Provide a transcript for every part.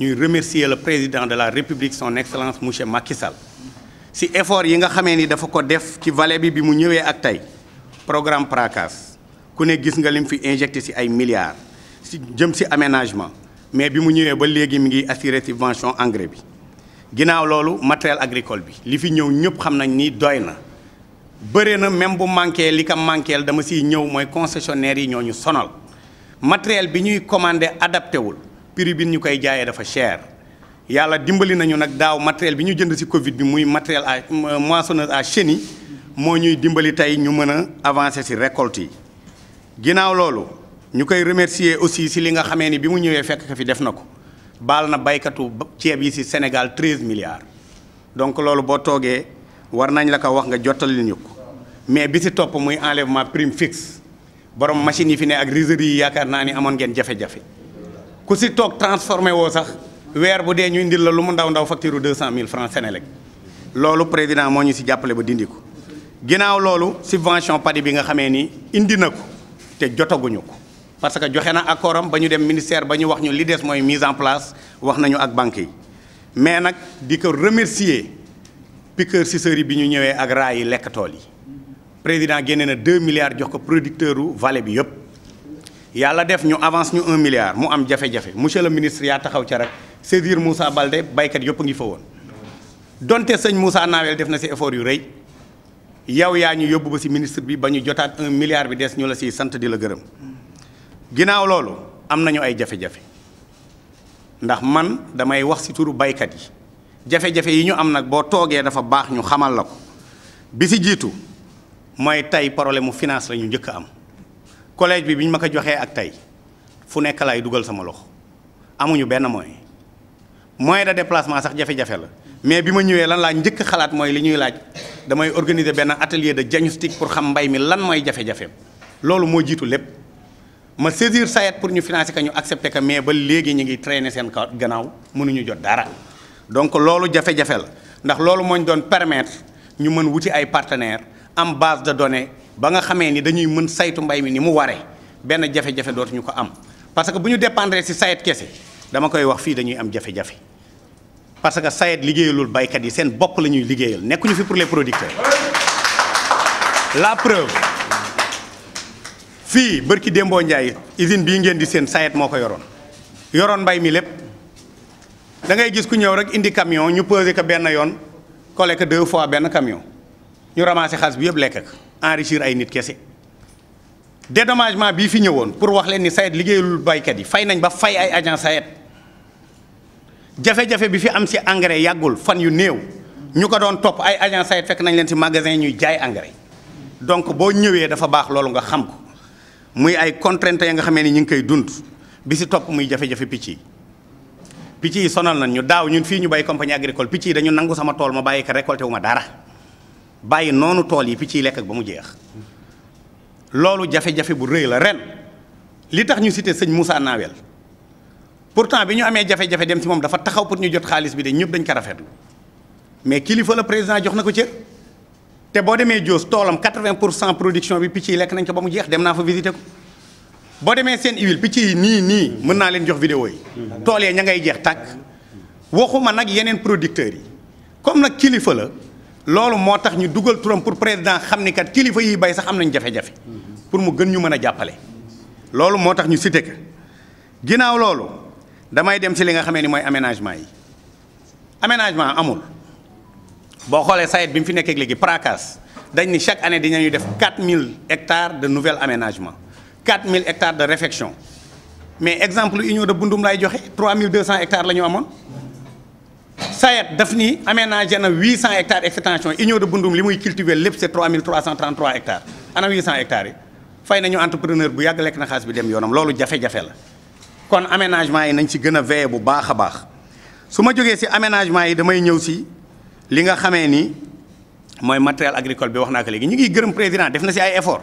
ñuy remercier le président de la république son excellence monsieur makisal Sall si effort yi nga xamee ni dafa ko def ci vallée bi bi mu ñëwee ak tey programme PRACAS ku ne gis nga lim fi injecté si ay milliards si jëm si aménagement mais bi mu ñëwee ba léegi mi ngi assurer subvention engrais bi ginnaaw loolu matériel agricole bi li fi ñëw ñëpp xam nañ ni doy na bëri na même bu manqué li ko manqueel dama siy ñëw mooy concessionnaire yi ñoo ñu sonal matériel bi ñuy commandé adapté wul prix bi ñu koy jaayee dafa cher yàlla dimbali nañu nag daaw matériel bi ñu jënd ci Covid bi muy matériel à euh, moissonneuse à chenille moo ñuy dimbali tey ñu mën a avancer ci récolte yi ginnaaw loolu ñu koy remercier aussi ci li nga xamee ni bi mu ñëwee fekk ka fi def na ko baal na baykatu ceeb yi ci Sénégal 13 milliards donc loolu boo toogee war nañ la ko wax nga jottali ñu ko mais bi ci topp muy enlèvement prime fixe borom machine yi fi ne ak riserie yi yaakaar naa ni amoon ngeen jafe ku si toog transformé woo sax weer bu dee ñu indil la lu mu ndaw ndaw facture deux cent mille francs Senelec loolu président moo ñu si jàppale ba dindi ko ginnaaw loolu subvention padi bi nga xamee ni indi na ko te jotaguñu ko parce que joxe na accord am ba ñu dem ministère ba ñu wax ñu li des mooy mise en place wax nañu ak banque yi mais nag di ko remercier piqueur suceurs yi bi ñu ñëwee ak raa yi lekk tool yi président génne na 2 milliards jox ko producteur u vallée bi yëpp yàlla def ñu avance ñu un milliard mu am jafe-jafe monsieur le ministre yaa taxaw ca rek saisir Moussa Baldé baykat yëpp ngi fa woon donte sëñ Moussa Nawel def na si effort yu rëy yow yaa ñu yóbbu ba si ministre bi ba ñu jotaat un milliard bi des ñu la siy sant di la gërëm ginnaaw loolu am nañu ay jafe-jafe ndax man damay wax si turu baykat yi jafe-jafe yi ñu am nag boo toogee dafa baax ñu xamal la ko bi si jiitu mooy tey problème mu finance la ñu njëkk am. collège bi bi ñu ma ko joxee ak tey fu nekk laay dugal sama loxo amuñu benn moyen moyen de déplacement sax jafe-jafe la mais bi ma ñëwee lan laa njëkk xalaat mooy li ñuy laaj damay organiser benn atelier de diagnostic pour xam mbay mi lan mooy jafe-jafeem loolu moo jiitu lépp ma saisir sayet pour ñu financer ko ñu accepter ko mais ba léegi ñu ngi traîner seen kaw gannaaw mënuñu jot dara donc loolu jafe-jafe la ndax loolu moo ñu doon permettre ñu mën wuti ay partenaires am base de données. ba nga xamee ni dañuy mën saytu mbay mi ni mu waree benn jafe-jafe dootuñu ko am parce que bu ñu dépendre si sayet kese dama koy wax fii dañuy am jafe-jafe parce que sayet liggéeyalul baykat yi seen bokk la ñuy liggéeyal nekkuñu fi pour les producteurs la preuve fii bërki démboo Ndiaye usine bii ngeen di seen sayet moo ko yoroon yoroon mbay mi lépp da ngay gis ku ñëw rek indi camion ñu pesé ko benn yoon collé ko deux fois benn camion ñu ramassé xaalis bi yëpp lekk enrichir ay nit kese dédommagement bii fi ñëwoon pour wax leen ni SAED liggéeyul baykat yi fay nañ ba fay ay agent SAED jafe-jafe bi fi am si engrais yàggul fan yu néew ñu ko doon topp ay agent SAED fekk nañ leen si magasin ñuy jaay engrais donc boo ñëwee dafa baax loolu nga xam ko muy ay contraintes ya nga xamee ni ñu ngi koy dund bi si topp muy jafe-jafe picc yi picc yi sonal nañ ñu daaw ñun fii ñu bay compagnie agricole picc yi dañu nangu sama tool ma bàyyi ko récolté wu ma dara bàyyi noonu tool yi picc yi lekk ak ba mu jeex loolu jafe-jafe bu rëy la ren li tax ñu cité sëñ Moussa Nawel pourtant bi ñu amee jafe-jafe dem ci moom dafa taxaw pour ñu jot xaalis bi de ñëpp dañ ko rafetlu mais kilifa la président jox na ko cër te boo demee Joos toolam 80 pour cent production bi picc yi lekk nañ ko ba mu jeex dem naa fa visité ko boo demee seen huile picc yi nii nii mën naa leen jox vidéo yi tool yee ña ngay jeex tàkk waxuma nag yeneen producteurs yi comme nag kilifa la loolu moo tax ñu dugal turam pour président xam ni kat kilifa yiy bay sax am nañ jafe-jafe pour mu gën ñu mën a jàppale loolu moo tax ñu cité ko ginnaaw loolu damay dem si li nga xamee ni mooy aménagement yi aménagement amul boo xoolee SAED bi mu fi nekkee léegi PRACAS dañ ni chaque année dinañuy def 4000 hectares de nouvel aménagement 4000 hectares de réfection mais exemple union de Bundum laay joxe 3200 hectares la ñu amoon SAED daf ni aménagé na 800 hectares extension union de Bundum li muy cultiver lépp c'est 3333 hectares ana 800 hectares yi fay nañu entrepreneur bu yàgg lekk na xaalis bi dem yoonam loolu jafe-jafe la kon aménagement yi nañ ci gën a veiller bu baax a baax su ma jógee si aménagement yi damay ñëw si li nga xamee ni mooy matériel agricole bi wax naa ko léegi ñu ngi gërëm président def na si ay effort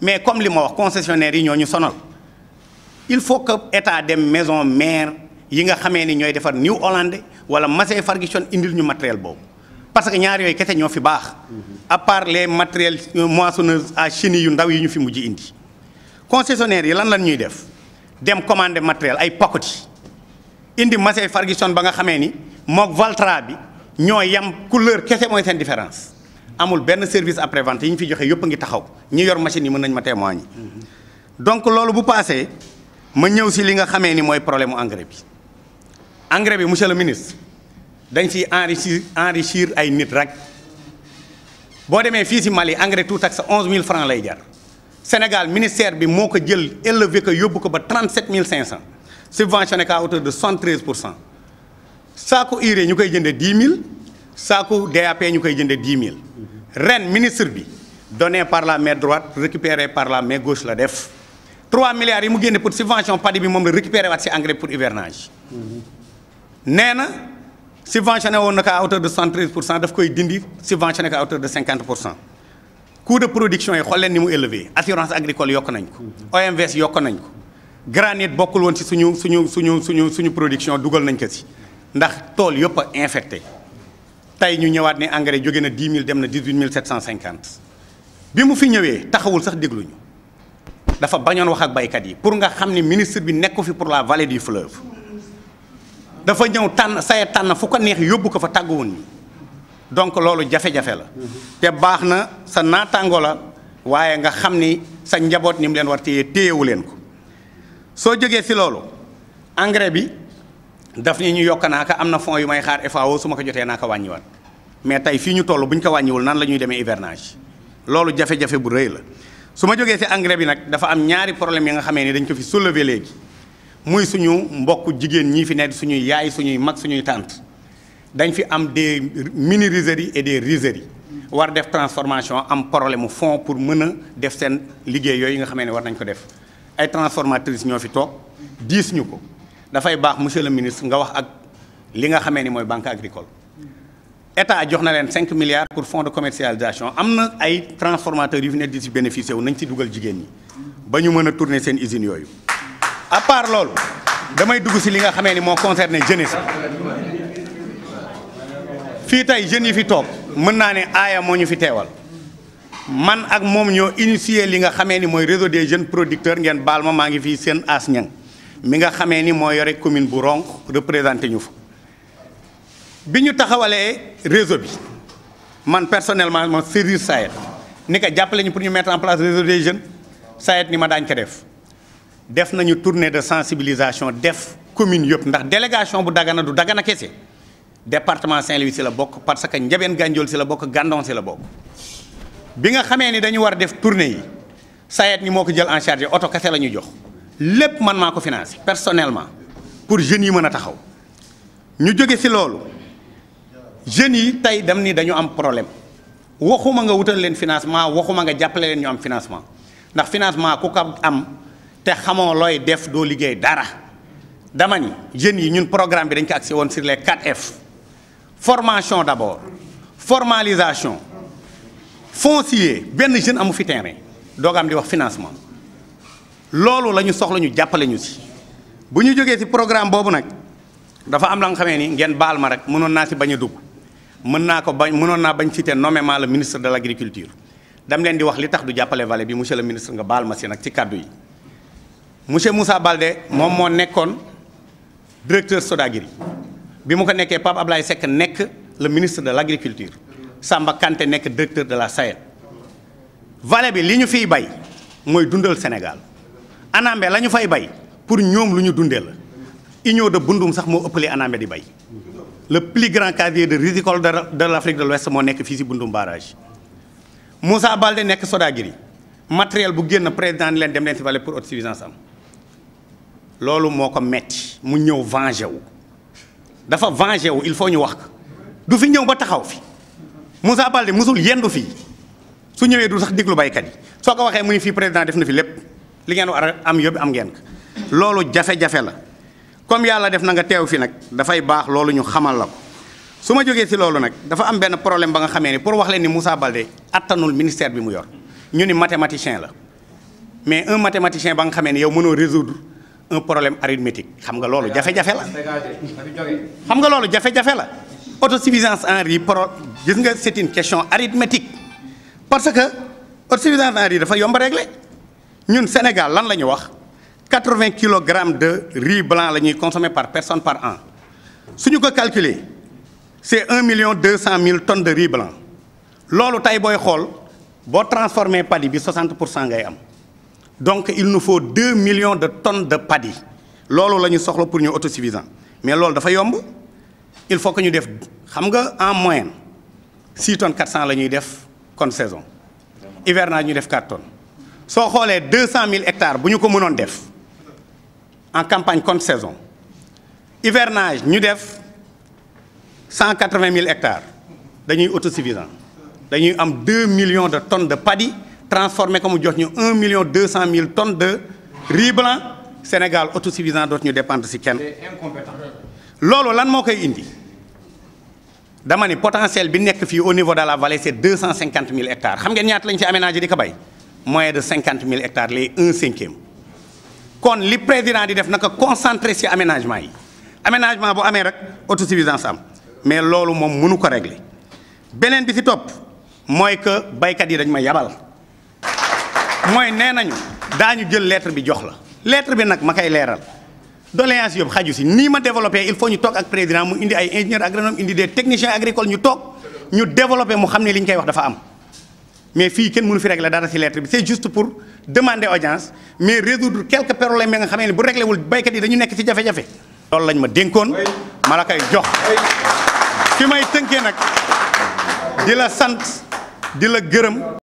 mais comme li ma wax concessionnaire yi ñoo ñu sonal il faut que état dem maison mère. yi nga xamee ni ñooy defar New Hollande wala Massey Ferguson indil ñu matériel boobu parce que ñaar yooyu kese ñoo fi baax mm-hmm. à part les matériels moissonneuses à chenilles yu ndaw yi ñu fi mujj indi concessionnaire yi lan lan ñuy def dem commander matériel ay pakoti indi Massey Ferguson ba nga xamee ni mook Valtra bi ñoo yam couleur kese mooy seen différence amul benn service après vente yi ñu fi joxee yëpp a ngi taxaw ñi yor machine yi mën nañ ma témoigner mm-hmm. donc loolu bu paasee ma ñëw si li nga xamee ni mooy problème mu engrais bi engrais bi monsieur le ministre dañ ci enrichir enrichir ay nit rek boo demee fii ci Mali engrais tout taxe onze mille francs lay jar Sénégal ministère bi moo ko jël élevé ko yóbbu ko ba trente-sept mille cinq cent subventionné ko de soixante pour cent saako urée ñu koy jëndee dix mille saako DAP ñu koy jëndee dix mille ren ministre bi donné par la main droite récupéré par la main gauche la def 3 milliards yi mu génne pour subvention padi bi moom la récupéré waat ci engrais pour hivernage. nee na subventionné woon na ko à hauteur de 73 pour cent daf koy dindi subventionné ko à hauteur de 50 pour cent coût de production yi xool leen ni mu élevé assurance agricole yokk nañ ko OMVS yokk nañ ko granit bokkul woon ci suñu suñu suñu suñu suñu production dugal nañ ko ci ndax tool yëpp a infecté tey ñu ñëwaat ne engrais jóge na 10 000 dem na 18 750 bi mu fi ñëwee taxawul sax dégluñu dafa bañoon wax ak baykat yi pour nga xam ne ministre bi nekku fi pour la vallée du fleuve dafa ñëw tànn saye tànn fu ko neex yóbbu ko fa tàgguwun ñi donc loolu jafe-jafe la mm-hmm. te baax na sa naataango la waaye nga xam ni sa njaboot ni mu leen war téye téyewu leen ko soo jógee si loolu engrais bi daf ni ñu yokk naa ko am na fonds yu may xaar FAO su ma ko jotee naa ko wàññiwaat mais tey fii ñu toll bu ñu ko wàññiwul nan la ñuy demee hivernage loolu jafe-jafe bu rëy la su ma jógee si engrais bi nag dafa am ñaari problème yi nga xamee ni dañ ko fi soulever léegi muy suñu mbokk jigéen ñii fi nekk suñuy yaay suñuy mag suñuy tànt dañ fi am des mini rizeries et des rizeries war def transformation am problème mu fond pour mën a def seen liggéey yooyu nga xamee ne war nañ ko def ay transformatrices ñoo fi toog diis ñu ko dafay baax monsieur le ministre nga wax ak li nga xamee ni mooy banque agricole état jox na leen cinq milliards pour fonds de commercialisation am na ay transformateurs yu fi ne di si bénéficié wu nañ ci dugal jigéen ñi ba ñu mën a tourner seen usines yooyu à part loolu damay dugg si li nga xamee ni moo concerné sa fii tey jeunes yi fi toog mën naa ne aaya moo ñu fi teewal man ak moom ñoo initié li nga xamee ni mooy réseau des jeunes producteurs ngeen baal ma maa ngi fii seen as ñang mi nga xamee ni moo yore commune bu Ronk représenté ñu fa bi ñu taxawalee réseau bi man personnellement ma servir SAED ni ko jàppale ñu pour ñu mettre en place réseau des jeunes SAED ni ma daañ ko def def nañu tournée de sensibilisation def commune yëpp ndax délégation bu Dagana du Dagana kese département Saint-Louis si la bokk parce que Ndiabène Gandiol si la bokk Gandon si la bokk bi nga xamee ni dañu war a def tournée yi SAED ni moo ko jël en charge oto kese la ñu jox lépp man maa ko financé personnellement pour jeunes yi mën a taxaw ñu jóge si loolu jeunes yi tey dem ni dañu am problème waxuma nga wutal leen financement waxuma nga jàppale leen ñu am financement ndax te xamoo looy def doo liggéey dara dama ni jeunes yi ñun programme bi dañ ko agsi woon si les 4F formation d'abord formalisation foncier benn jeune amu fi terrain doog am di wax financement loolu lañu ñu soxla ñu jàppale ñu si bu ñu jógee si programme boobu nag dafa am la nga xamee ni ngeen baal ma rek mënoon naa si bañ a dugg mën naa ko bañ mënoon naa bañ citer nommément le ministre de l'agriculture dam leen di wax li tax du jàppale vallée bi monsieur le ministre nga baal ma si nag ci kàddu yi monsieur Moussa balde moom moo nekkoon directeur Sodagiri bi mu ko nekkee ab Ablaye Seck nekk le ministre de l' agriculture Samba nekk directeur de la SAED vale bi li ñu fiy bay mooy dundal Sénégal Anambé la ñu fay bay pour ñoom lu ñu dundee la union de Bundum sax moo ëppale Anambé di bay le plus grand casier de rizicole de l' Afrique de l'Ouest moo nekk fii si Bundum barrage Moussa Baldé nekk Sodagiri matériel bu génn président ni leen dem leen si vallée pour autosuffisance am loolu moo ko metti mu ñëw vengé wu dafa vengé wu il faut ñu wax du fi ñëw ba taxaw fi Moussa Baldé musul yendu fii su ñëwee du sax déglu baykat yi soo ko waxee mu ni fii président def na fi lépp li ngeen war am yóbbu am ngeen ko loolu jafe-jafe la comme yàlla def na nga teew fi nag dafay baax loolu ñu xamal la ko su ma jógee si loolu nag dafa am benn problème ba nga xamee ni pour wax leen ni Moussa Baldé attanul ministère bi mu yor ñu ni mathématicien la mais un mathématicien ba nga xamee yow mënoo résoudre un problème arithmétique xam nga loolu jafe-jafe la xam nga loolu jafe-jafe la suffisance en riz pro gis nga c'est une question arithmétique parce que autosuffisance en riz dafa yomb a régler ñun Sénégal lan la ñu wax quatre-vingts kilogrammes de riz blanc la ñuy consommer par personne par an su ñu ko calculer c'est un million deux cent mille tonnes de riz blanc loolu tey booy xool boo transformer padi bi 60 pour cent ngay am. donc il nous faut deux millions de tonnes de paddy loolu la ñu soxla pour ñu autosuffisant mais loolu dafa yomb il faut que ñu def xam nga en moyen six ton quatre cent la ñuy def kon saison hivernage ñu def quatre tonnes soo xoolee deux cent mille hectares bu ñu ko mënoon def en campagne contre saison hivernage ñu def cent quatre vingt mille hectares dañuy autosuffisant dañuy am deux millions de tonnes de paddy transformé ko mu jox ñu un million deux cent mille tonnes de riz blanc Sénégal autosuffisant dootu ñu dépendre ci kenn. loolu lan moo koy indi dama ni potentiel bi nekk fii au niveau de la vallée c'est deux cent cinquante mille hectares xam ngeen ñaata lañ fi aménagé di ko bay moyen de cinquante mille hectares les un cinquième kon li président di def naka concentré ci aménagement yi aménagement bu amee rek auto autosuffisance am mais loolu moom mënu ko régler beneen bi ci topp mooy que baykat yi dañ ma yabal. mooy nee nañu ñu jël lettre bi jox la lettre bi nag ma koy leeral doléance yëpp xaju si nii ma développé il faut ñu toog ak président mu indi ay ingénieur agronome indi des techniciens agricoles ñu toog ñu développé mu xam ne li ñu koy wax dafa am mais fii kenn mënu fi la dara si lettre bi c'est juste pour demander audience mais résoudre quelque problèmes yi nga xam ne bu réglé wul yi dañu nekk ci jafe-jafe. loolu lañ ma dénkoon ma la koy jox may tënkee nag di la sant di la gërëm.